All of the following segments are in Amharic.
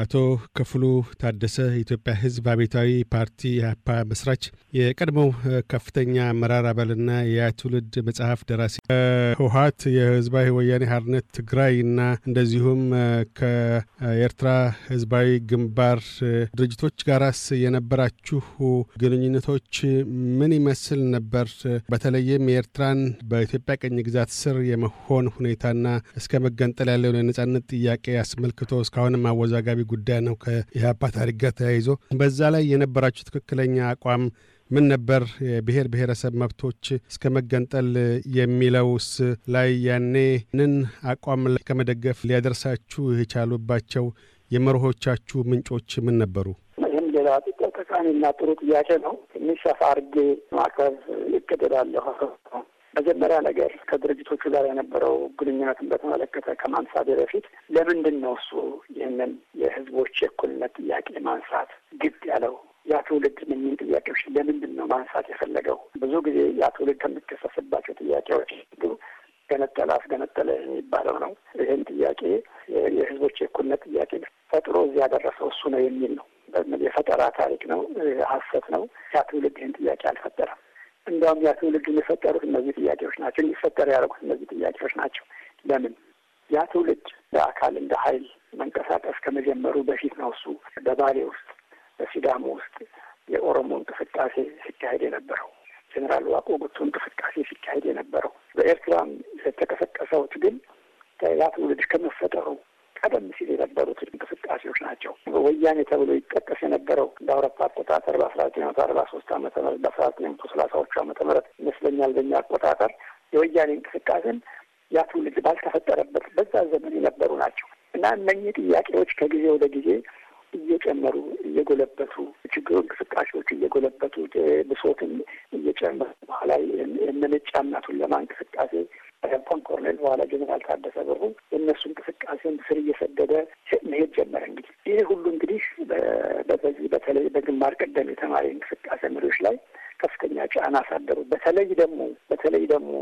አቶ ክፍሉ ታደሰ የኢትዮጵያ ህዝብ አቤታዊ ፓርቲ ኢህአፓ መስራች፣ የቀድሞው ከፍተኛ አመራር አባልና ያ ትውልድ መጽሐፍ ደራሲ ከህወሀት የህዝባዊ ወያኔ ሀርነት ትግራይ እና እንደዚሁም ከኤርትራ ህዝባዊ ግንባር ድርጅቶች ጋራስ የነበራችሁ ግንኙነቶች ምን ይመስል ነበር? በተለይም የኤርትራን በኢትዮጵያ ቀኝ ግዛት ስር የመሆን ሁኔታና እስከ መገንጠል ያለውን የነጻነት ጥያቄ አስመልክቶ እስካሁንም አወዛጋቢ አሳሳቢ ጉዳይ ነው ከኢህአፓ ታሪክ ጋር ተያይዞ በዛ ላይ የነበራችሁ ትክክለኛ አቋም ምን ነበር? የብሔር ብሔረሰብ መብቶች እስከ መገንጠል የሚለውስ ላይ ንን አቋም ከመደገፍ ሊያደርሳችሁ የቻሉባቸው የመርሆቻችሁ ምንጮች ምን ነበሩ? ይህም ሌላ ጠቃሚና ጥሩ ጥያቄ ነው። ትንሽ ሰፋ አድርጌ ማቅረብ ይቅድላለሁ። መጀመሪያ ነገር ከድርጅቶቹ ጋር የነበረው ግንኙነትን በተመለከተ ከማንሳቴ በፊት ለምንድን ነው እሱ ይህንን የህዝቦች የእኩልነት ጥያቄ ማንሳት ግድ ያለው? ያ ትውልድ ምኝን ጥያቄዎች ለምንድን ነው ማንሳት የፈለገው? ብዙ ጊዜ ያ ትውልድ ከሚከሰስባቸው ጥያቄዎች ገነጠለ አስገነጠለ የሚባለው ነው። ይህን ጥያቄ የህዝቦች የእኩልነት ጥያቄ ፈጥሮ እዚህ ያደረሰው እሱ ነው የሚል ነው። የፈጠራ ታሪክ ነው፣ ሀሰት ነው። ያ ትውልድ ይህን ጥያቄ አልፈጠረም። እንዲያውም ያ ትውልድ የሚፈጠሩት እነዚህ ጥያቄዎች ናቸው፣ እንዲፈጠር ያደረጉት እነዚህ ጥያቄዎች ናቸው። ለምን ያ ትውልድ በአካል እንደ ኃይል መንቀሳቀስ ከመጀመሩ በፊት ነው። እሱ በባሌ ውስጥ በሲዳሞ ውስጥ የኦሮሞ እንቅስቃሴ ሲካሄድ የነበረው ጀኔራል ዋቆ ጉቱ እንቅስቃሴ ሲካሄድ የነበረው በኤርትራም የተቀሰቀሰው ትግል ያ ትውልድ ከመፈጠሩ ቀደም ሲል የነበሩት እንቅስቃሴዎች ናቸው። ወያኔ ተብሎ ይጠቀስ የነበረው እንደ አውሮፓ አቆጣጠር በአስራ ዘጠኝ መቶ አርባ ሶስት አመተ ምህረት በአስራ ዘጠኝ መቶ ሰላሳዎቹ አመተ ምህረት ይመስለኛል በኛ አቆጣጠር የወያኔ እንቅስቃሴን ያ ትውልድ ባልተፈጠረበት በዛ ዘመን የነበሩ ናቸው እና እነኚህ ጥያቄዎች ከጊዜ ወደ ጊዜ እየጨመሩ እየጎለበቱ ችግሩ እንቅስቃሴዎች እየጎለበቱ ብሶትን እየጨመሩ በኋላ የመነጫ እናቱን ለማ እንቅስቃሴ ተገባም ኮርኔል በኋላ ጀኔራል ታደሰ ብሩ የእነሱ እንቅስቃሴን ስር እየሰደደ መሄድ ጀመረ። እንግዲህ ይህ ሁሉ እንግዲህ በዚህ በተለይ በግንባር ቀደም የተማሪ እንቅስቃሴ መሪዎች ላይ ከፍተኛ ጫና አሳደሩ። በተለይ ደግሞ በተለይ ደግሞ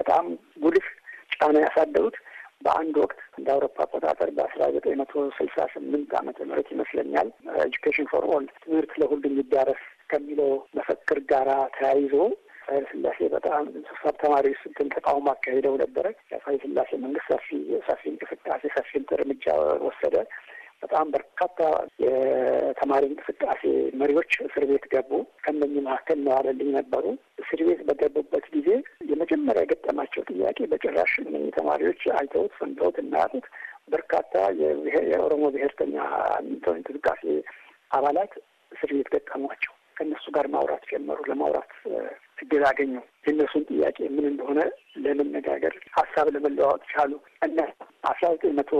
በጣም ጉልህ ጫና ያሳደሩት በአንድ ወቅት እንደ አውሮፓ አቆጣጠር በአስራ ዘጠኝ መቶ ስልሳ ስምንት ዓመተ ምህረት ይመስለኛል ኤጁኬሽን ፎር ኦል ትምህርት ለሁሉም ይዳረስ ከሚለው መፈክር ጋራ ተያይዞ ኃይለ ስላሴ በጣም ስፋት ተማሪዎች ስልትን ተቃውሞ አካሄደው ነበረ። ኃይለ ስላሴ መንግስት ሰፊ ሰፊ እንቅስቃሴ ሰፊ እርምጃ ወሰደ። በጣም በርካታ የተማሪ እንቅስቃሴ መሪዎች እስር ቤት ገቡ። ከእነኚህ መካከል መዋለልኝ ነበሩ። እስር ቤት በገቡበት ጊዜ የመጀመሪያ የገጠማቸው ጥያቄ በጭራሽ እነኚህ ተማሪዎች አይተውት ሰምተውት እናያጡት በርካታ የኦሮሞ ብሔርተኛ እንቅስቃሴ አባላት እስር ቤት ገጠሟቸው። ከእነሱ ጋር ማውራት ጀመሩ። ለማውራት እገዛ አገኙ። የእነሱን ጥያቄ ምን እንደሆነ ለመነጋገር ሀሳብ ለመለዋወጥ ቻሉ እና አስራ ዘጠኝ መቶ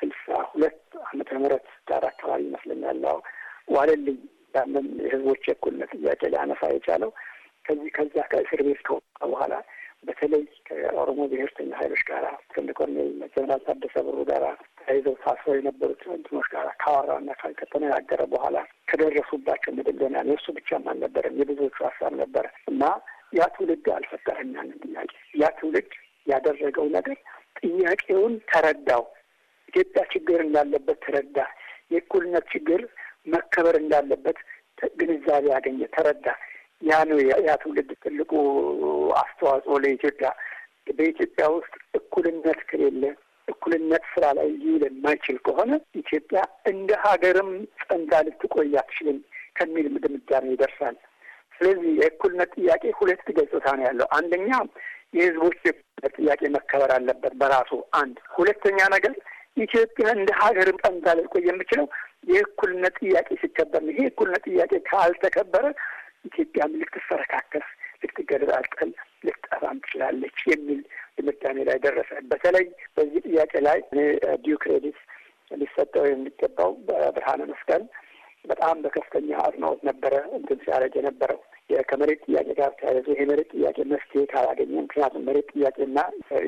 ስልሳ ሁለት አመተ ምህረት ዳር አካባቢ ይመስለኛል ዋለልኝ ያንን የህዝቦች የእኩልነት ጥያቄ ሊያነሳ የቻለው ከዚህ ከዚያ ከእስር ቤት ከወጣ በኋላ በተለይ ከኦሮሞ ብሔርተኛ ኃይሎች ጋራ ትልቅ ኮሎኔል ጀነራል ታደሰ ብሩ ጋራ ተይዘው ታስረው የነበሩት እንትኖች ጋር ካወራና ከተነጋገረ በኋላ ከደረሱባቸው መደገና የእሱ ብቻም አልነበረም የብዙዎቹ ሀሳብ ነበረ እና ያ ትውልድ አልፈጠረም ያንን ጥያቄ። ያ ትውልድ ያደረገው ነገር ጥያቄውን ተረዳው። ኢትዮጵያ ችግር እንዳለበት ተረዳ። የእኩልነት ችግር መከበር እንዳለበት ግንዛቤ ያገኘ ተረዳ። ያ ነው ያ ትውልድ ትልቁ አስተዋጽኦ ለኢትዮጵያ በኢትዮጵያ ውስጥ እኩልነት ከሌለ እኩልነት ስራ ላይ ሊውል የማይችል ከሆነ ኢትዮጵያ እንደ ሀገርም ጸንታ ልትቆይ አትችልም ከሚል ድምዳሜ ይደርሳል። ስለዚህ የእኩልነት ጥያቄ ሁለት ገጽታ ነው ያለው። አንደኛ የህዝቦች የእኩልነት ጥያቄ መከበር አለበት በራሱ አንድ። ሁለተኛ ነገር ኢትዮጵያ እንደ ሀገርም ጸንታ ልትቆይ የምችለው የእኩልነት ጥያቄ ሲከበር ነው። ይሄ እኩልነት ጥያቄ ካልተከበረ ምልክት ልትፈረካከስ ልትገነጣጠል ልትጠፋም ትችላለች የሚል ድምዳሜ ላይ ደረሰ። በተለይ በዚህ ጥያቄ ላይ ዲዩ ክሬዲት ሊሰጠው የሚገባው በብርሃነ መስቀል በጣም በከፍተኛ አጽንኦት ነበረ እንትን ሲያደርግ የነበረው ከመሬት ጥያቄ ጋር ተያይዞ የመሬት ጥያቄ መፍትሄ ካላገኘ፣ ምክንያቱም መሬት ጥያቄና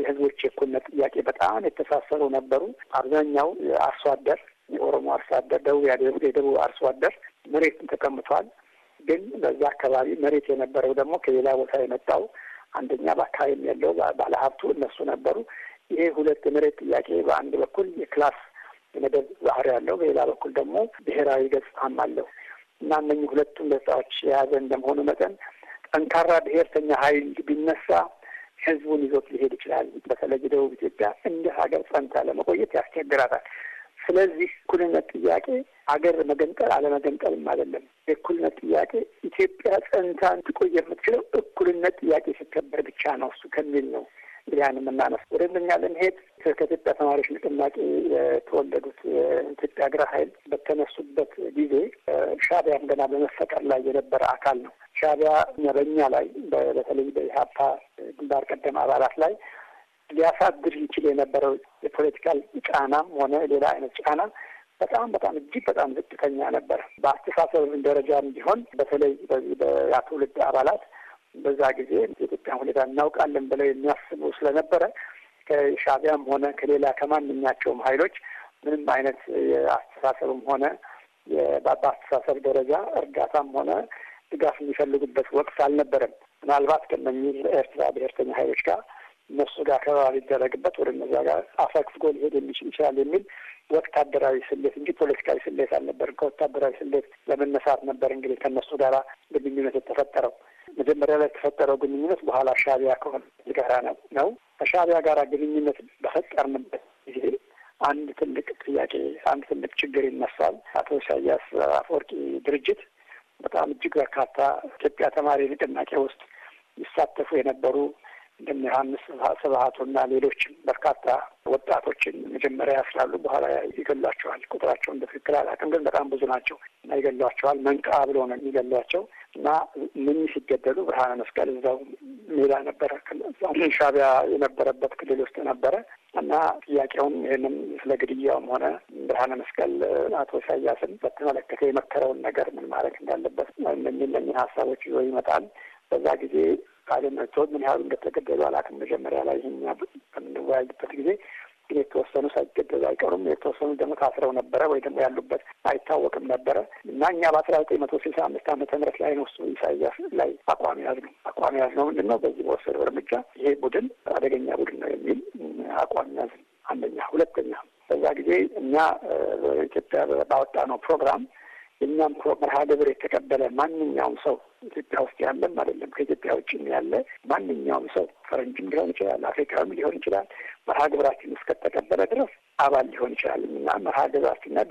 የህዝቦች የእኩልነት ጥያቄ በጣም የተሳሰሩ ነበሩ። አብዛኛው አርሶ አደር የኦሮሞ አርሶ አደር፣ ደቡብ የደቡብ አርሶ አደር መሬትን ተቀምቷል። ግን በዛ አካባቢ መሬት የነበረው ደግሞ ከሌላ ቦታ የመጣው አንደኛ በአካባቢም ያለው ባለሀብቱ እነሱ ነበሩ። ይሄ ሁለት የመሬት ጥያቄ በአንድ በኩል የክላስ የመደብ ባህሪ ያለው፣ በሌላ በኩል ደግሞ ብሔራዊ ገጽታም አለው እና እነኝህ ሁለቱም ገጽታዎች የያዘ እንደመሆኑ መጠን ጠንካራ ብሔርተኛ ኃይል ቢነሳ ህዝቡን ይዞት ሊሄድ ይችላል። በተለይ ደቡብ ኢትዮጵያ እንደ ሀገር ጸንታ ለመቆየት ያስቸግራታል። ስለዚህ እኩልነት ጥያቄ አገር መገንጠል አለመገንጠልም አይደለም። የእኩልነት ጥያቄ ኢትዮጵያ ጸንታ ልትቆይ የምትችለው እኩልነት ጥያቄ ሲከበር ብቻ ነው እሱ ከሚል ነው ያን የምናነስ ወደ እንደኛ ለመሄድ ከኢትዮጵያ ተማሪዎች ንቅናቄ የተወለዱት የኢትዮጵያ እግረ ኃይል በተነሱበት ጊዜ ሻቢያ ገና በመፈጠር ላይ የነበረ አካል ነው። ሻቢያ በእኛ ላይ በተለይ በኢህአፓ ግንባር ቀደም አባላት ላይ ሊያሳድር ይችል የነበረው የፖለቲካል ጫናም ሆነ ሌላ አይነት ጫና በጣም በጣም እጅግ በጣም ዝቅተኛ ነበር። በአስተሳሰብ ደረጃ ቢሆን በተለይ በዚህ አባላት በዛ ጊዜ የኢትዮጵያን ሁኔታ እናውቃለን ብለው የሚያስቡ ስለነበረ ከሻቢያም ሆነ ከሌላ ከማንኛቸውም ኃይሎች ምንም አይነት የአስተሳሰብም ሆነ በአስተሳሰብ ደረጃ እርዳታም ሆነ ድጋፍ የሚፈልጉበት ወቅት አልነበረም። ምናልባት ከነኚህ ኤርትራ ብሔርተኛ ኃይሎች ጋር እነሱ ጋር ከበባ ሊደረግበት ወደ እነዛ ጋር አፈግፍጎ ሊሄድ የሚችል ይችላል የሚል ወታደራዊ ስሌት እንጂ ፖለቲካዊ ስሌት አልነበርም። ከወታደራዊ ስሌት ለመነሳት ነበር እንግዲህ ከእነሱ ጋር ግንኙነት የተፈጠረው። መጀመሪያ ላይ የተፈጠረው ግንኙነት በኋላ ሻቢያ ከሆነ ጋራ ነው ነው ከሻቢያ ጋር ግንኙነት በፈጠርንበት ጊዜ አንድ ትልቅ ጥያቄ፣ አንድ ትልቅ ችግር ይነሳል። አቶ ኢሳያስ አፈወርቂ ድርጅት በጣም እጅግ በርካታ ኢትዮጵያ ተማሪ ንቅናቄ ውስጥ ይሳተፉ የነበሩ እንደነ ዮሐንስ ስብሀቱና ሌሎችም በርካታ ወጣቶችን መጀመሪያ ያስላሉ፣ በኋላ ይገሏቸዋል። ቁጥራቸውን በትክክል አላውቅም፣ ግን በጣም ብዙ ናቸው እና ይገሏቸዋል። መንቃ ብሎ ነው የሚገሏቸው እና ምን ሲገደሉ ብርሃነ መስቀል እዛው ሜዳ ነበረ፣ ሻቢያ የነበረበት ክልል ውስጥ ነበረ እና ጥያቄውን ይህንም ስለ ግድያውም ሆነ ብርሃነ መስቀል አቶ ኢሳያስን በተመለከተ የመከረውን ነገር ምን ማድረግ እንዳለበት የሚለኝን ሀሳቦች ይዞ ይመጣል። በዛ ጊዜ ባለመቶት ምን ያህሉ እንደተገደሉ አላውቅም። መጀመሪያ ላይ ይህኛ በምንወያይበት ጊዜ ግን የተወሰኑ ሳይገደሉ አይቀሩም። የተወሰኑ ደግሞ ታስረው ነበረ ወይ ደግሞ ያሉበት አይታወቅም ነበረ እና እኛ በአስራ ዘጠኝ መቶ ስልሳ አምስት ዓመተ ምህረት ላይ ነው እሱ ኢሳያስ ላይ አቋም ያዝ ነው አቋም ያዝ ነው ምንድን ነው በዚህ በወሰደው እርምጃ ይሄ ቡድን አደገኛ ቡድን ነው የሚል አቋም ያዝ አንደኛ። ሁለተኛ በዛ ጊዜ እኛ ኢትዮጵያ ባወጣ ነው ፕሮግራም እኛም መርሃ ግብር የተቀበለ ማንኛውም ሰው ኢትዮጵያ ውስጥ ያለም አይደለም፣ ከኢትዮጵያ ውጭም ያለ ማንኛውም ሰው ፈረንጅም ሊሆን ይችላል፣ አፍሪካዊም ሊሆን ይችላል፣ መርሃ ግብራችን እስከተቀበለ ድረስ አባል ሊሆን ይችላል እና መርሃ ግብራችንና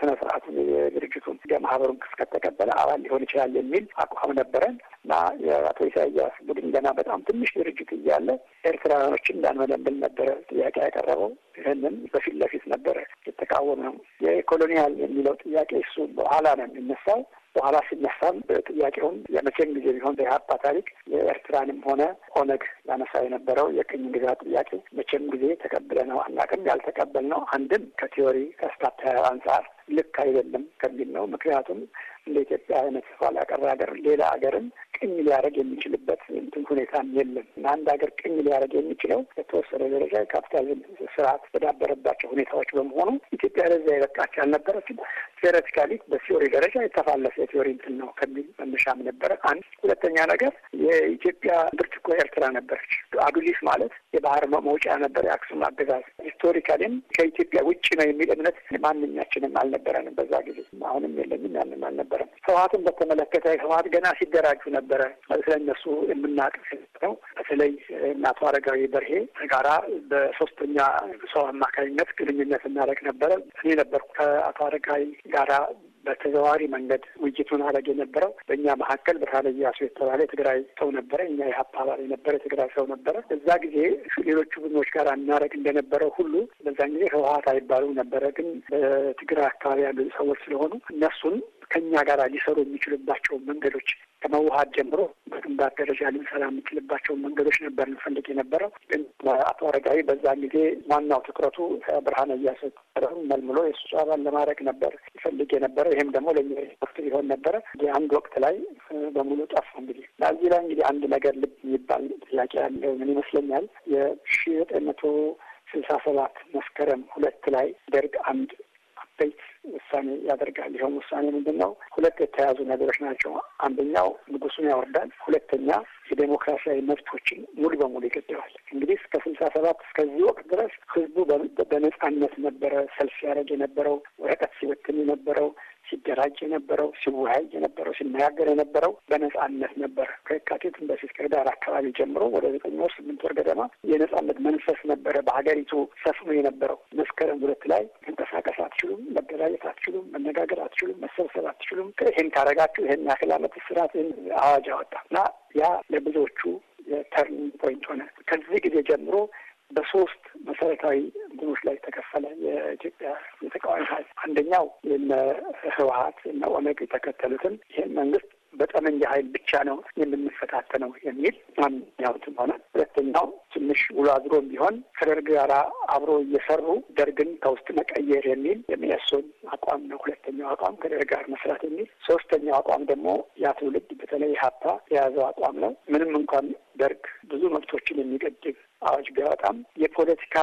ስነ ስርዓቱን የድርጅቱን የማህበሩን እስከተቀበለ አባል ሊሆን ይችላል የሚል አቋም ነበረን እና የአቶ ኢሳያስ ቡድን ገና በጣም ትንሽ ድርጅት እያለ ኤርትራውያኖችን እንዳንመለምል ነበረ ጥያቄ ያቀረበው። ይህንን በፊት ለፊት ነበረ የተቃወመ የኮሎኒያል የሚለው ጥያቄ እሱ በኋላ ነው የሚነሳው። በኋላ ሲነሳም ጥያቄውን የመቼም ጊዜ ቢሆን በኢህአፓ ታሪክ የኤርትራንም ሆነ ኦነግ ያነሳ የነበረው የቅኝ ግዛት ጥያቄ መቼም ጊዜ ተቀብለ ነው አናቅም። ያልተቀበል ነው አንድም ከቲዮሪ ከስታተ አንጻር ልክ አይደለም ከሚል ነው። ምክንያቱም እንደ ኢትዮጵያ አይነት ኋላ ቀር ሀገር ሌላ ሀገርን ቅኝ ሊያደርግ የሚችልበት እንትን ሁኔታም የለም አንድ ሀገር ቅኝ ሊያደርግ የሚችለው የተወሰነ ደረጃ የካፒታል ስርዓት በዳበረባቸው ሁኔታዎች በመሆኑ ኢትዮጵያ ለዛ የበቃች አልነበረችም። ቴዎሬቲካሊ በቲዮሪ ደረጃ የተፋለሰ የቲዮሪ እንትን ነው ከሚል መነሻም ነበረ። አንድ ሁለተኛ ነገር የኢትዮጵያ ብርትኮ ኤርትራ ነበረች። አዱሊስ ማለት የባህር መውጫ ነበር የአክሱም አገዛዝ። ሂስቶሪካሊም ከኢትዮጵያ ውጭ ነው የሚል እምነት ማንኛችንም አልነበ አልነበረንም በዛ ጊዜ። አሁንም የለንም፣ ያንም አልነበረም። ህወሓትን በተመለከተ ህወሓት ገና ሲደራጁ ነበረ ስለ እነሱ የምናቅ ነው። በተለይ እናቶ አረጋዊ በርሄ ጋራ በሶስተኛ ሰው አማካኝነት ግንኙነት እናደርግ ነበረ። እኔ ነበርኩ ከአቶ አረጋዊ ጋራ በተዘዋዋሪ መንገድ ውይይቱን አደረግ የነበረው በእኛ መካከል ብርሃነ እያሱ የተባለ የትግራይ ሰው ነበረ፣ እኛ የሀፓ አባል የነበረ የትግራይ ሰው ነበረ። እዛ ጊዜ ሌሎቹ ቡድኖች ጋር እናደረግ እንደነበረው ሁሉ በዛን ጊዜ ህወሀት አይባሉም ነበረ፣ ግን በትግራይ አካባቢ ያሉ ሰዎች ስለሆኑ እነሱን ከኛ ጋር ሊሰሩ የሚችሉባቸውን መንገዶች ከመዋሀድ ጀምሮ በግንባር ደረጃ ልንሰራ የምንችልባቸውን መንገዶች ነበር ልንፈልግ የነበረው። ግን አቶ አረጋዊ በዛ ጊዜ ዋናው ትኩረቱ ከብርሃነ እያሰረም መልምሎ የሱ አባል ለማድረግ ነበር ይፈልግ የነበረው። ይህም ደግሞ ለእኛ ወቅት ሊሆን ነበረ። አንድ ወቅት ላይ በሙሉ ጠፋ። እንግዲህ በዚህ ላይ እንግዲህ አንድ ነገር ልብ የሚባል ጥያቄ ያለው ምን ይመስለኛል የሺ ዘጠኝ መቶ ስልሳ ሰባት መስከረም ሁለት ላይ ደርግ አንድ አበይት ውሳኔ ያደርጋል። ይኸውም ውሳኔ ምንድን ነው? ሁለት የተያዙ ነገሮች ናቸው። አንደኛው ንጉሱን ያወርዳል። ሁለተኛ የዴሞክራሲያዊ መብቶችን ሙሉ በሙሉ ይገደዋል። እንግዲህ እስከ ስልሳ ሰባት እስከዚህ ወቅት ድረስ ህዝቡ በነጻነት ነበረ ሰልፍ ሲያደርግ የነበረው ወረቀት ሲበትን የነበረው ሲደራጅ የነበረው ሲወያይ የነበረው ሲነጋገር የነበረው በነጻነት ነበር። ከየካቲት በፊት ከህዳር አካባቢ ጀምሮ ወደ ዘጠኝ ወር ስምንት ወር ገደማ የነጻነት መንፈስ ነበረ በሀገሪቱ ሰፍኖ የነበረው። መስከረም ሁለት ላይ መንቀሳቀስ አትችሉም፣ መወያየት አትችሉም፣ መነጋገር አትችሉም፣ መሰብሰብ አትችሉም፣ ይህን ካረጋችሁ ይህን ያክል አመት እስራት አዋጅ አወጣ እና ያ ለብዙዎቹ የተርኒንግ ፖይንት ሆነ። ከዚህ ጊዜ ጀምሮ በሶስት መሰረታዊ እንትኖች ላይ ተከፈለ የኢትዮጵያ የተቃዋሚ ኃይል። አንደኛው የነ ህወሀት ኦነግ የተከተሉትን ይህን መንግስት በጠመንጃ ኃይል ብቻ ነው የምንፈታተነው የሚል ማንኛውትም ሆነ ሁለተኛው ትንሽ ውሎ አድሮም ቢሆን ከደርግ ጋር አብሮ እየሰሩ ደርግን ከውስጥ መቀየር የሚል የሚያሱን አቋም ነው። ሁለተኛው አቋም ከደርግ ጋር መስራት የሚል ሶስተኛው አቋም ደግሞ ያ ትውልድ በተለይ ሀብታ የያዘው አቋም ነው። ምንም እንኳን ደርግ ብዙ መብቶችን የሚገድብ አዋጅ ቢያወጣም የፖለቲካ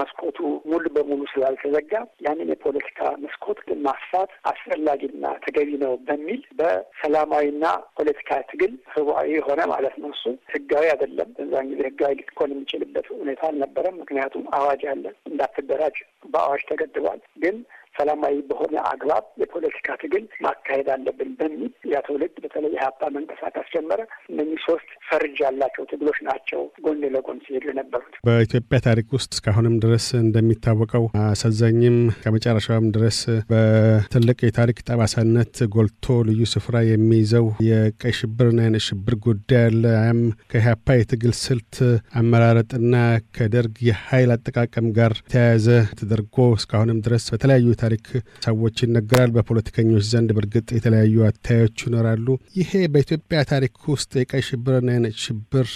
መስኮቱ ሙሉ በሙሉ ስላልተዘጋ ያንን የፖለቲካ መስኮት ግን ማስፋት አስፈላጊና ተገቢ ነው በሚል በሰላማዊና ፖለቲካ ትግል ህዋዊ የሆነ ማለት ነው። እሱ ህጋዊ አይደለም። በዛን ጊዜ ህጋዊ ልትኮን የሚችልበት ሁኔታ አልነበረም። ምክንያቱም አዋጅ አለ እንዳትደራጅ በአዋጅ ተገድቧል። ግን ሰላማዊ በሆነ አግባብ የፖለቲካ ትግል ማካሄድ አለብን በሚል ያ ትውልድ በተለይ ኢህአፓ መንቀሳቀስ ጀመረ። እነኚህ ሶስት ፈርጅ ያላቸው ትግሎች ናቸው ጎን ለጎን ሲሄዱ የነበሩት። በኢትዮጵያ ታሪክ ውስጥ እስካሁንም ድረስ እንደሚታወቀው አሳዛኝም ከመጨረሻውም ድረስ በትልቅ የታሪክ ጠባሳነት ጎልቶ ልዩ ስፍራ የሚይዘው የቀይ ሽብርና አይነት ሽብር ጉዳይ አለ። ያም ከኢህአፓ የትግል ስልት አመራረጥና ከደርግ የኃይል አጠቃቀም ጋር ተያያዘ ተደርጎ እስካሁንም ድረስ በተለያዩ ታሪክ ሰዎች ይነገራል። በፖለቲከኞች ዘንድ በእርግጥ የተለያዩ አታዮች ይኖራሉ። ይሄ በኢትዮጵያ ታሪክ ውስጥ የቀይ ሽብርና የነጭ ሽብር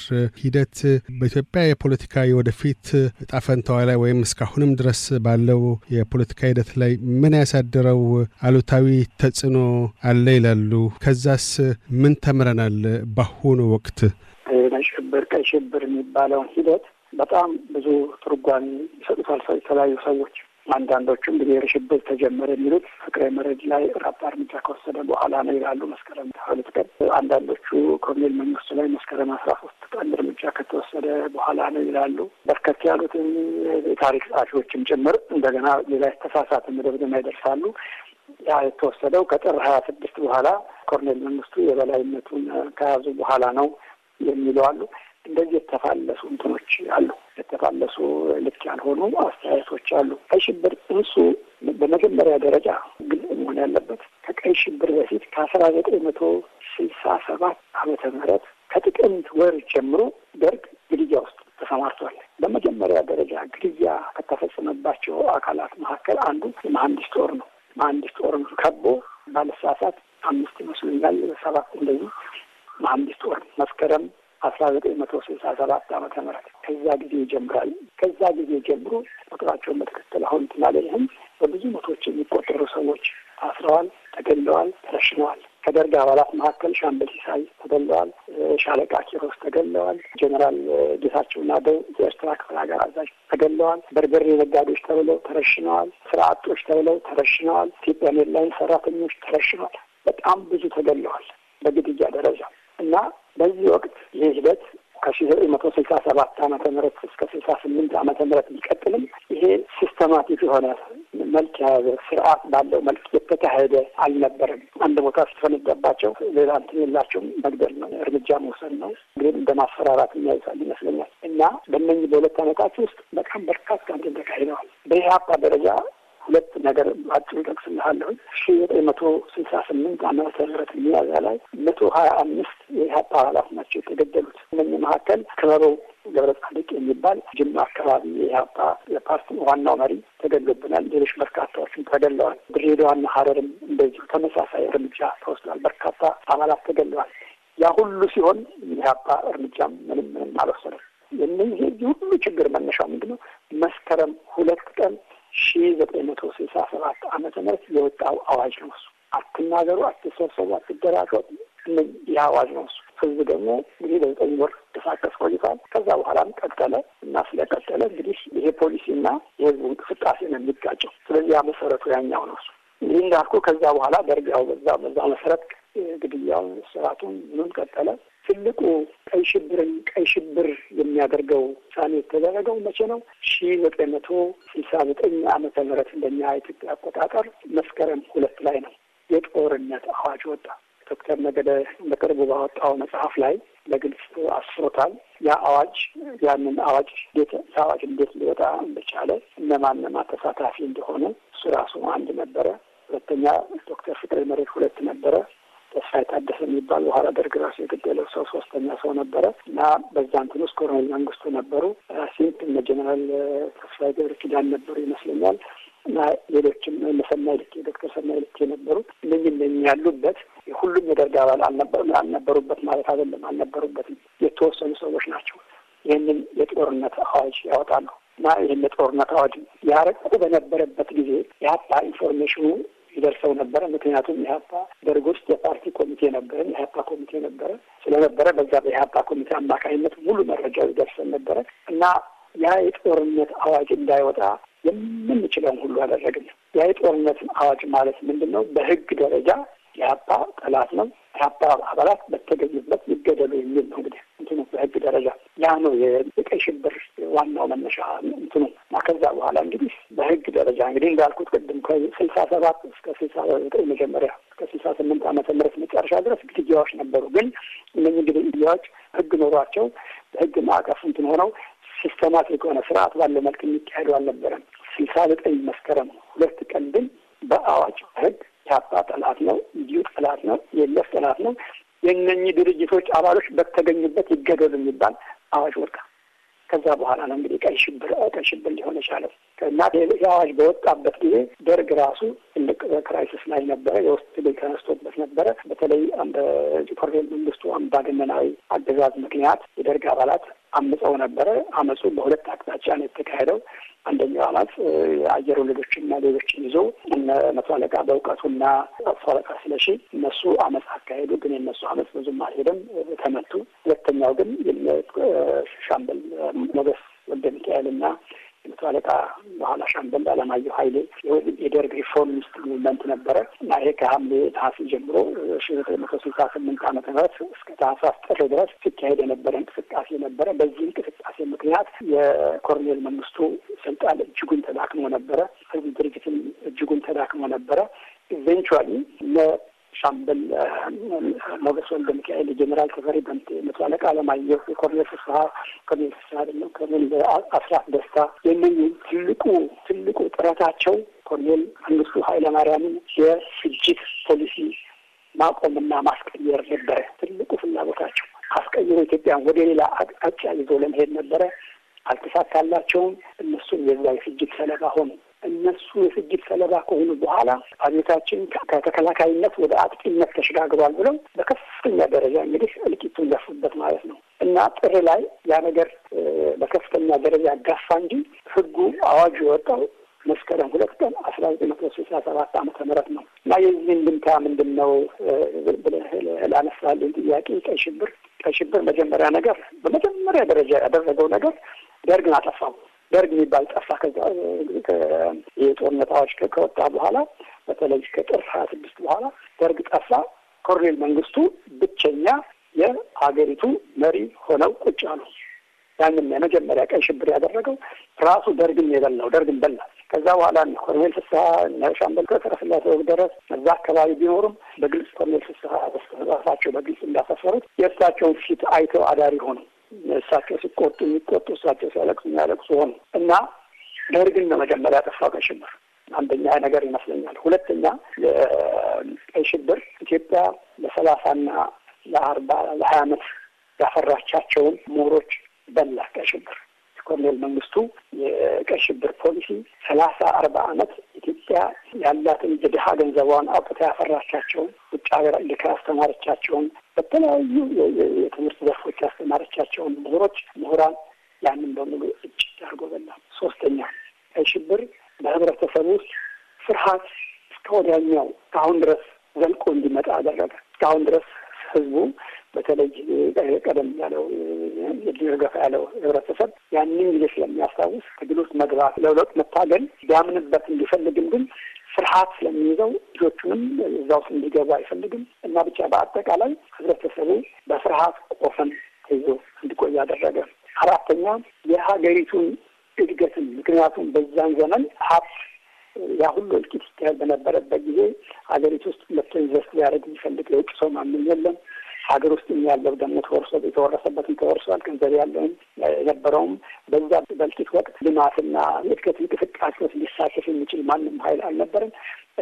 ሂደት በኢትዮጵያ የፖለቲካ የወደፊት እጣፈንታዋ ላይ ወይም እስካሁንም ድረስ ባለው የፖለቲካ ሂደት ላይ ምን ያሳደረው አሉታዊ ተጽዕኖ አለ ይላሉ? ከዛስ ምን ተምረናል? በአሁኑ ወቅት ሽብር ቀይ ሽብር የሚባለውን ሂደት በጣም ብዙ ትርጓሜ ይሰጡታል የተለያዩ ሰዎች። አንዳንዶቹም ብሔር ሽብር ተጀመረ የሚሉት ፍቅረ መረድ ላይ ረባ እርምጃ ከወሰደ በኋላ ነው ይላሉ። መስከረም ሁለት ቀን አንዳንዶቹ ኮሎኔል መንግስቱ ላይ መስከረም አስራ ሶስት ቀን እርምጃ ከተወሰደ በኋላ ነው ይላሉ። በርከት ያሉትን የታሪክ ጸሐፊዎችም ጭምር እንደገና ሌላ የተሳሳተ መደምደሚያ ይደርሳሉ። ያ የተወሰደው ከጥር ሀያ ስድስት በኋላ ኮሎኔል መንግስቱ የበላይነቱን ከያዙ በኋላ ነው የሚለዋሉ። አሉ። እንደዚህ የተፋለሱ እንትኖች አሉ፣ የተፋለሱ ልክ ያልሆኑ አስተያየቶች አሉ። ቀይ ሽብር እሱ በመጀመሪያ ደረጃ ግልጽ መሆን ያለበት ከቀይ ሽብር በፊት ከአስራ ዘጠኝ መቶ ስልሳ ሰባት አመተ ምህረት ከጥቅምት ወር ጀምሮ ደርግ ግድያ ውስጥ ተሰማርቷል። በመጀመሪያ ደረጃ ግድያ ከተፈጸመባቸው አካላት መካከል አንዱ የመሀንዲስ ጦር ነው። መሀንዲስ ጦርን ከቦ ባለሳሳት አምስት ይመስለኛል ሰባት እንደዚህ መሀንዲስ ጦር መስከረም አስራ ዘጠኝ መቶ ስልሳ ሰባት ዓመተ ምህረት ከዛ ጊዜ ይጀምራል። ከዛ ጊዜ ጀምሮ ቁጥራቸውን በትክክል አሁን ትናለ ይህም በብዙ መቶች የሚቆጠሩ ሰዎች ታስረዋል፣ ተገለዋል ተረሽነዋል። ከደርግ አባላት መካከል ሻምበል ሲሳይ ተገለዋል፣ ሻለቃ ኪሮስ ተገለዋል፣ ጀኔራል ጌታቸውና የኤርትራ ክፍለ ሀገር አዛዥ ተገለዋል፣ በርበሬ ነጋዴዎች ተብለው ተረሽነዋል፣ ስራ አጦች ተብለው ተረሽነዋል፣ ኢትዮጵያን ኤርላይን ሰራተኞች ተረሽነዋል። በጣም ብዙ ተገለዋል በግድያ ደረጃ እና በዚህ ወቅት ይህ ሂደት ከሺ ዘጠኝ መቶ ስልሳ ሰባት አመተ ምህረት እስከ ስልሳ ስምንት አመተ ምህረት ቢቀጥልም ይሄ ሲስተማቲክ የሆነ መልክ የያዘ ስርዓት ባለው መልክ የተካሄደ አልነበረም። አንድ ቦታ ስትፈነዳባቸው ሌላ እንትን የላቸውም። መግደል ነው፣ እርምጃ መውሰድ ነው። እንግዲህ እንደ ማስፈራራት የሚያይዛል ይመስለኛል። እና በእነኝህ በሁለት አመታት ውስጥ በጣም በርካታ እንትን ተካሂደዋል። በኢህአፓ ደረጃ ሁለት ነገር አጭር ይጠቅስልሃለሁ። ሺ ዘጠኝ መቶ ስልሳ ስምንት ዓመተ ምህረት ሚያዝያ ላይ መቶ ሀያ አምስት የኢህአፓ አባላት ናቸው የተገደሉት። እነኚህ መካከል ክበበው ገብረ ጻድቅ የሚባል ጅማ አካባቢ የኢህአፓ የፓርቲ ዋናው መሪ ተገሎብናል ሌሎች በርካታዎችም ተገለዋል ድሬዳዋና ሀረርም እንደዚሁ ተመሳሳይ እርምጃ ተወስዷል። በርካታ አባላት ተገለዋል። ያ ሁሉ ሲሆን የኢህአፓ እርምጃም ምንም ምንም አልወሰደም። የእነዚህ ሁሉ ችግር መነሻው ምንድነው? መስከረም ሁለት ቀን ሺ ዘጠኝ መቶ ስልሳ ሰባት ምህረት የወጣው አዋጅ ነው እሱ። አትናገሩ፣ አትሰብሰቡ፣ አትደራገጡ ይህ አዋጅ ነው እሱ። ህዝብ ደግሞ እንግዲህ በዘጠኝ ወር ተሳቀስ ቆይቷል። ከዛ በኋላም ቀጠለ እና ስለቀጠለ እንግዲህ ይሄ ፖሊሲና የህዝቡ እንቅስቃሴ ነው የሚጋጨው። ስለዚህ ያ መሰረቱ ያኛው ነው እሱ። እንግዲህ እንዳልኩ ከዛ በኋላ በእርግያው በዛ በዛ መሰረት ግድያውን ስራቱን ምን ቀጠለ። ትልቁ ቀይ ሽብርን ቀይ ሽብር የሚያደርገው ውሳኔ የተደረገው መቼ ነው? ሺ ዘጠኝ መቶ ስልሳ ዘጠኝ አመተ ምህረት እንደኛ ኢትዮጵያ አቆጣጠር መስከረም ሁለት ላይ ነው የጦርነት አዋጅ ወጣ። ዶክተር ነገደ በቅርቡ ባወጣው መጽሐፍ ላይ በግልጽ አስፍሮታል። ያ አዋጅ ያንን አዋጅ እንዴት አዋጅ እንዴት ሊወጣ እንደቻለ እነማን ተሳታፊ እንደሆነ እሱ ራሱ አንድ ነበረ። ሁለተኛ ዶክተር ፍቅሬ መሬት ሁለት ነበረ። ተስፋ የታደሰ የሚባል በኋላ ደርግ ራሱ የገደለው ሰው ሶስተኛ ሰው ነበረ እና በዛ እንትን ውስጥ ኮሎኔል መንግስቱ ነበሩ። ሲንክ እነ ጀኔራል ተስፋ ገብረ ኪዳን ነበሩ ይመስለኛል እና ሌሎችም ሰናይ ልኬ ዶክተር ሰናይ ልኬ ነበሩ። እነኝ እነኝ ያሉበት ሁሉም የደርግ አባል አልነበሩ አልነበሩበት ማለት አይደለም፣ አልነበሩበትም። የተወሰኑ ሰዎች ናቸው። ይህንን የጦርነት አዋጅ ያወጣሉ እና ይህን የጦርነት አዋጅ ያረቁ በነበረበት ጊዜ የሀፓ ኢንፎርሜሽኑ ይደርሰው ነበረ። ምክንያቱም ኢህአፓ ደርግ ውስጥ የፓርቲ ኮሚቴ ነበረ፣ የኢህአፓ ኮሚቴ ነበረ ስለነበረ በዛ በኢህአፓ ኮሚቴ አማካኝነት ሙሉ መረጃው ይደርሰን ነበረ እና ያ የጦርነት አዋጅ እንዳይወጣ የምንችለውን ሁሉ አደረግን። ያ የጦርነት አዋጅ ማለት ምንድን ነው? በህግ ደረጃ የአፓ ጠላት ነው፣ የአፓ አባላት በተገኙበት ይገደሉ የሚል ነው እንግዲህ እንትኑ በህግ ደረጃ ያ ነው የቀይ ሽብር ዋናው መነሻ እንትኑ እና ከዛ በኋላ እንግዲህ በህግ ደረጃ እንግዲህ እንዳልኩት ቅድም ከስልሳ ሰባት እስከ ስልሳ ዘጠኝ መጀመሪያ እስከ ስልሳ ስምንት ዓመተ ምህረት መጨረሻ ድረስ ግድያዎች ነበሩ። ግን እነዚህ እንግዲህ ግድያዎች ህግ ኖሯቸው በህግ ማዕቀፍ እንትን ሆነው ሲስተማቲክ የሆነ ስርዓት ባለ መልክ የሚካሄዱ አልነበረም። ስልሳ ዘጠኝ መስከረም ሁለት ቀን ግን በአዋጭ ህግ የአባ ጠላት ነው፣ ዲዩ ጠላት ነው፣ የለስ ጠላት ነው፣ የእነኚህ ድርጅቶች አባሎች በተገኙበት ይገደሉ የሚባል አዋጅ ወጣ። ከዛ በኋላ ነው እንግዲህ ቀይ ሽብር ቀይ ሽብር ሊሆን የቻለው እና የአዋጅ በወጣበት ጊዜ ደርግ ራሱ ትልቅ ክራይሲስ ላይ ነበረ። የውስጥ ትግል ተነስቶበት ነበረ። በተለይ በኮሎኔል መንግስቱ አምባገነናዊ አገዛዝ ምክንያት የደርግ አባላት አምፀው ነበረ። አመፁ በሁለት አቅጣጫ ነው የተካሄደው። አንደኛው አመት የአየር ወለዶችና ሌሎችን ይዞ እነ መቶ አለቃ በእውቀቱና መቶ አለቃ ስለሺ እነሱ አመፅ አካሄዱ። ግን የነሱ አመፅ ብዙም አልሄደም፣ ተመቱ። ሁለተኛው ግን ሻምበል ሞገስ ወልደ ሚካኤልና መቶ አለቃ በኋላ ሻምበል አለማየሁ ኃይሌ የደርግ ሪፎርሚስት ሙቭመንት ነበረ እና ይሄ ከሐምሌ ታህሲ ጀምሮ ሺ ዘጠኝ መቶ ስልሳ ስምንት ዓመተ ምህረት እስከ ታህሳስ ጥር ድረስ ሲካሄድ የነበረ እንቅስቃሴ ነበረ። በዚህ እንቅስቃሴ ምክንያት የኮሎኔል መንግስቱ ስልጣን እጅጉን ተዳክሞ ነበረ። ህዝብ ድርጅትም እጅጉን ተዳክሞ ነበረ። ኢቨንቹዋሊ ሻምበል ሞገስ ወልደ ሚካኤል፣ ጀኔራል ተፈሪ በንቴ፣ መቶ አለቃ አለማየሁ፣ የኮርኔል ፍስሀ ኮርኔል ፍስሀ ደግሞ ኮርኔል አስራት ደስታ የእነኝህ ትልቁ ትልቁ ጥረታቸው ኮርኔል መንግስቱ ኃይለማርያምን የፍጅት ፖሊሲ ማቆምና ማስቀየር ነበረ ትልቁ ፍላጎታቸው። አስቀይሮ ኢትዮጵያን ወደ ሌላ አቅጣጫ ይዞ ለመሄድ ነበረ። አልተሳካላቸውም። እነሱም የዛ የፍጅት ሰለባ ሆኑ። እነሱ የፍጅት ሰለባ ከሆኑ በኋላ አቤታችን ከተከላካይነት ወደ አጥቂነት ተሸጋግሯል ብለው በከፍተኛ ደረጃ እንግዲህ እልቂቱን ለፉበት ማለት ነው እና ጥር ላይ ያ ነገር በከፍተኛ ደረጃ ጋፋ እንጂ ህጉ አዋጁ የወጣው መስከረም ሁለት ቀን አስራ ዘጠኝ መቶ ስልሳ ሰባት አመተ ምህረት ነው እና የዚህን ድምታ ምንድን ነው ብለህ ላነሳልን ጥያቄ ቀይ ሽብር ቀይ ሽብር መጀመሪያ ነገር በመጀመሪያ ደረጃ ያደረገው ነገር ደርግን አጠፋው። ደርግ የሚባል ጠፋ። ከዛ የጦርነት አዋጅ ከወጣ በኋላ በተለይ ከጥር ሀያ ስድስት በኋላ ደርግ ጠፋ። ኮሎኔል መንግስቱ ብቸኛ የሀገሪቱ መሪ ሆነው ቁጭ አሉ። ያንን የመጀመሪያ ቀን ሽብር ያደረገው ራሱ ደርግን የበላው ደርግን በላ። ከዛ በኋላ ኮሎኔል ፍስሀ ሻምበል ተረፍላት ድረስ እዛ አካባቢ ቢኖሩም በግልጽ ኮሎኔል ፍስሀ ራሳቸው በግልጽ እንዳሳሰሩት የእርሳቸውን ፊት አይተው አዳሪ ሆነው እሳቸው ሲቆጡ የሚቆጡ እሳቸው ሲያለቅሱ የሚያለቅሱ ሆኑ እና ደርግን ነው መጀመሪያ ያጠፋው ቀይ ሽብር። አንደኛ ነገር ይመስለኛል። ሁለተኛ የቀይ ሽብር ኢትዮጵያ ለሰላሳና ለአርባ ለሀያ አመት ያፈራቻቸውን ምሁሮች በላ ቀይ ሽብር ኮሎኔል መንግስቱ የቀይ ሽብር ፖሊሲ ሰላሳ አርባ ዓመት ኢትዮጵያ ያላትን የድሀ ገንዘቧን አውጥታ ያፈራቻቸውን ውጭ ሀገር ልካ ያስተማረቻቸውን በተለያዩ የትምህርት ዘርፎች ያስተማረቻቸውን ምሁሮች ምሁራን ያንን በሙሉ እጭ አድርጎ በላ። ሶስተኛ ቀይ ሽብር በህብረተሰቡ ውስጥ ፍርሃት እስከ ወዲያኛው እስካሁን ድረስ ዘልቆ እንዲመጣ አደረገ። እስካሁን ድረስ ህዝቡ በተለይ ቀደም ያለው የድር ገፋ ያለው ህብረተሰብ ያንን ጊዜ ስለሚያስታውስ ትግል ውስጥ መግባት ለውለውጥ መታገል ቢያምንበት እንዲፈልግም ግን ፍርሃት ስለሚይዘው ልጆቹንም እዛ ውስጥ እንዲገቡ አይፈልግም እና ብቻ በአጠቃላይ ህብረተሰቡ በፍርሃት ቆፈን ተይዞ እንዲቆይ ያደረገ። አራተኛ የሀገሪቱን እድገትን ምክንያቱም በዛን ዘመን ሀብት ያ ሁሉ እልቂት ይካሄድ በነበረበት ጊዜ ሀገሪቱ ውስጥ መጥቶ ኢንቨስት ሊያደርግ የሚፈልግ የውጭ ሰው ማንም የለም። ሀገር ውስጥ ያለው ደግሞ ተወርሶ የተወረሰበትም ተወርሷል። ገንዘብ ያለውም የነበረውም በዛ በልጭት ወቅት ልማትና እድገት እንቅስቃሴ ውስጥ ሊሳተፍ የሚችል ማንም ሀይል አልነበረም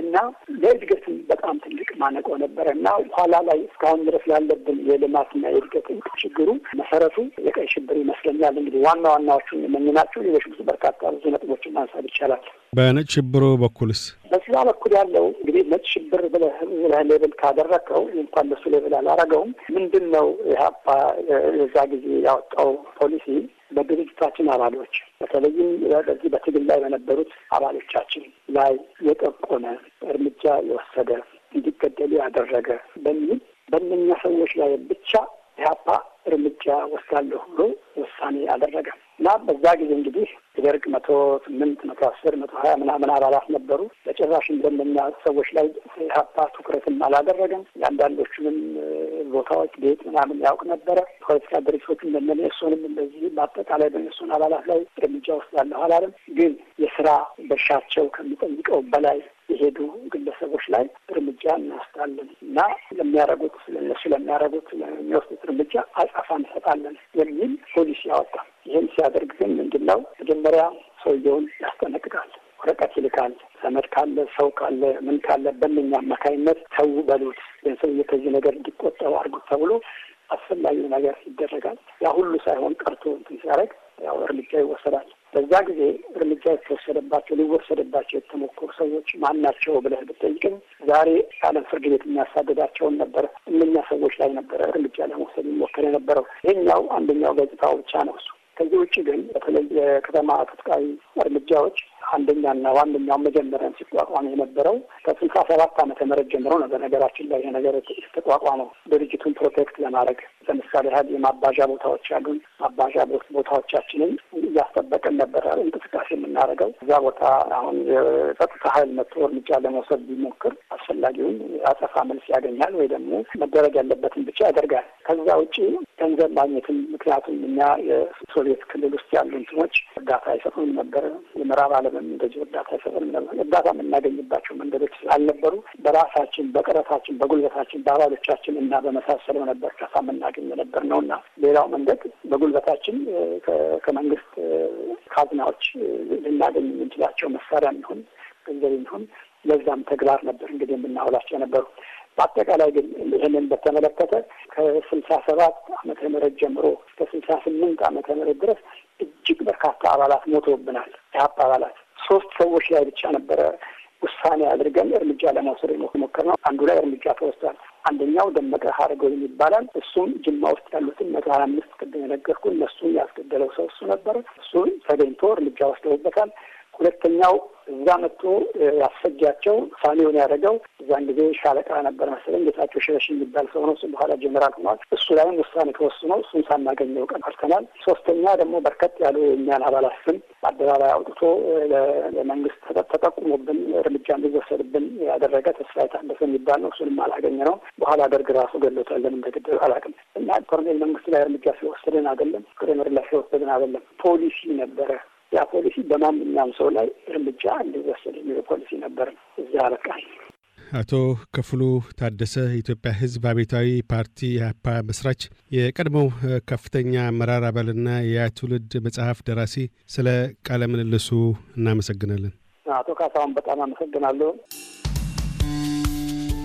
እና ለእድገትም በጣም ትልቅ ማነቆ ነበረ እና ኋላ ላይ እስካሁን ድረስ ያለብን የልማትና የእድገት ችግሩ መሰረቱ የቀይ ሽብር ይመስለኛል። እንግዲህ ዋና ዋናዎቹን የምንላቸው ሌሎች ብዙ በርካታ ብዙ ነጥቦችን ማንሳት ይቻላል። በነጭ ሽብሩ በኩልስ በስራ በኩል ያለው እንግዲህ ነጭ ሽብር ብለህ ሌብል ካደረግከው እንኳን በሱ ሌብል አላረገውም። ምንድን ነው ኢህአፓ የዛ ጊዜ ያወጣው ፖሊሲ? በድርጅታችን አባሎች በተለይም በዚህ በትግል ላይ በነበሩት አባሎቻችን ላይ የጠቆመ እርምጃ የወሰደ እንዲገደሉ ያደረገ በሚል በእነኛ ሰዎች ላይ ብቻ ኢህአፓ እርምጃ ወስዳለሁ ብሎ ውሳኔ አደረገ። እና በዛ ጊዜ እንግዲህ ደርግ መቶ ስምንት መቶ አስር መቶ ሀያ ምናምን አባላት ነበሩ። በጭራሽ እንደምና ሰዎች ላይ ሀፓ ትኩረትም አላደረገም። የአንዳንዶቹንም ቦታዎች ቤት ምናምን ያውቅ ነበረ። ፖለቲካ ድርጅቶች እንደነ እሱንም እንደዚህ በአጠቃላይ በእሱን አባላት ላይ እርምጃ ወስዳለሁ አላለም። ግን የስራ በሻቸው ከሚጠይቀው በላይ የሄዱ ግለሰቦች ላይ እርምጃ እናስታለን እና ለሚያደርጉት ለእነሱ ለሚያደርጉት ለሚወስዱት እርምጃ አጻፋ እንሰጣለን የሚል ፖሊሲ ያወጣል። ይህን ሲያደርግ ግን ምንድን ነው መጀመሪያ ሰውየውን ያስጠነቅቃል። ወረቀት ይልካል። ዘመድ ካለ ሰው ካለ ምን ካለ በእነኛ አማካኝነት ተው በሉት፣ የሰውዬ ከዚህ ነገር እንዲቆጠብ አድርጉት ተብሎ አስፈላጊው ነገር ይደረጋል። ያ ሁሉ ሳይሆን ቀርቶ እንትን ሲያደርግ ያው እርምጃ ይወሰዳል። በዛ ጊዜ እርምጃ የተወሰደባቸው ሊወሰደባቸው የተሞከሩ ሰዎች ማን ናቸው ብለህ ብጠይቅም ዛሬ ዓለም ፍርድ ቤት የሚያሳድዳቸውን ነበረ እነኛ ሰዎች ላይ ነበረ እርምጃ ለመውሰድ የሚሞከር የነበረው። ይህኛው አንደኛው ገጽታው ብቻ ነው እሱ ከዚህ ውጭ ግን በተለይ የከተማ ተጥቃዊ እርምጃዎች አንደኛና ዋነኛው መጀመሪያም ሲቋቋም የነበረው ከስልሳ ሰባት ዓመተ ምህረት ጀምሮ ነው። በነገራችን ላይ ይሄ ነገር የተቋቋመው ድርጅቱን ፕሮቴክት ለማድረግ ለምሳሌ ያህል የማባዣ ቦታዎች ያሉን ማባዣ ቦታዎቻችንን እያስጠበቅን ነበር እንቅስቃሴ የምናደርገው። እዛ ቦታ አሁን የጸጥታ ኃይል መጥቶ እርምጃ ለመውሰድ ቢሞክር አስፈላጊውን አጸፋ መልስ ያገኛል ወይ ደግሞ መደረግ ያለበትን ብቻ ያደርጋል። ከዛ ውጪ ገንዘብ ማግኘትም ምክንያቱም እኛ የሶቪየት ክልል ውስጥ ያሉ እንትኖች እርዳታ አይሰጡም ነበር የምዕራብ ዓለም አልነበረም። እንደዚህ እርዳታ አይሰጠንም እርዳታ የምናገኝባቸው መንገዶች ስላልነበሩ በራሳችን በቅረታችን በጉልበታችን፣ በአባሎቻችን እና በመሳሰለው ነበር ካሳ የምናገኝ የነበር ነው እና ሌላው መንገድ በጉልበታችን ከመንግስት ካዝናዎች ልናገኝ የምንችላቸው መሳሪያ የሚሆን ገንዘብ የሚሆን ለዛም ተግባር ነበር እንግዲህ የምናውላቸው የነበሩ። በአጠቃላይ ግን ይህንን በተመለከተ ከስልሳ ሰባት ዓመተ ምህረት ጀምሮ እስከ ስልሳ ስምንት ዓመተ ምህረት ድረስ እጅግ በርካታ አባላት ሞተውብናል። የሀብ አባላት ሶስት ሰዎች ላይ ብቻ ነበረ ውሳኔ አድርገን እርምጃ ለመውሰድ የሞከርነው። አንዱ ላይ እርምጃ ተወስዷል። አንደኛው ደመቀ ሀረገው ይባላል። እሱም ጅማ ውስጥ ያሉትን መቶ ሀያ አምስት ቅድም የነገርኩ እነሱን ያስገደለው ሰው እሱ ነበር እሱ ተገኝቶ እርምጃ ወስደውበታል። ሁለተኛው እዛ መጥቶ ያሰጊያቸው ሳሌውን ያደረገው እዛን ጊዜ ሻለቃ ነበር መሰለኝ ጌታቸው ሽረሽ የሚባል ሰው ነው። እሱ በኋላ ጀኔራል ሆኗል። እሱ ላይም ውሳኔ ተወስኖ እሱን ሳናገኘው አልተናል። ሶስተኛ ደግሞ በርከት ያሉ የእኛን አባላት ስም አደባባይ አውጥቶ ለመንግስት ተጠቁሞብን እርምጃ እንዲወሰድብን ያደረገ ተስፋዬ ታደሰ የሚባል ነው። እሱንም አላገኘ ነው። በኋላ ደርግ ራሱ ገሎታል። ለምን እንደገደሉ አላውቅም። እና ኮሎኔል መንግስት ላይ እርምጃ ሲወሰድን አይደለም፣ ኮሎኔል ላይ ሲወሰድን አይደለም፣ ፖሊሲ ነበረ ያ ፖሊሲ በማንኛውም ሰው ላይ እርምጃ እንዲወሰድ የሚለው ፖሊሲ ነበር። እዚያ ያበቃል። አቶ ክፍሉ ታደሰ የኢትዮጵያ ሕዝብ አብዮታዊ ፓርቲ ኢህአፓ መስራች፣ የቀድሞው ከፍተኛ አመራር አባልና ያ ትውልድ መጽሐፍ ደራሲ፣ ስለ ቃለ ምልልሱ እናመሰግናለን። አቶ ካሳሁን በጣም አመሰግናለሁ።